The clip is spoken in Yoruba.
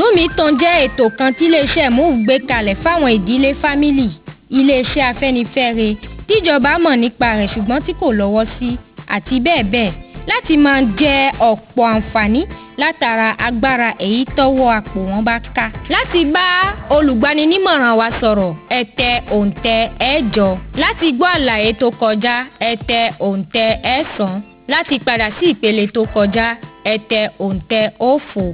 Númítàn jẹ́ ètò kan tí iléeṣẹ́ MOVE gbé kalẹ̀ fáwọn ìdílé family. iléeṣẹ́ Afẹ́nifẹ́re tíjọba mọ̀ nípa rẹ̀ ṣùgbọ́n tí kò lọ́wọ́ sí àti bẹ́ẹ̀ bẹ́ẹ̀ láti máa jẹ ọ̀pọ̀ àǹfààní látara agbára èyí tọ́wọ́ àpò wọn bá ká. láti bá olùgbaninímọ̀ràn wa sọ̀rọ̀ ẹ tẹ òǹtẹ̀ ẹ̀jọ láti gbọ́ àlàyé tó kọjá ẹ tẹ òǹtẹ̀ ẹ̀sán láti padà sí ìpele tó kọjá ẹ tẹ òǹtẹ̀ òfo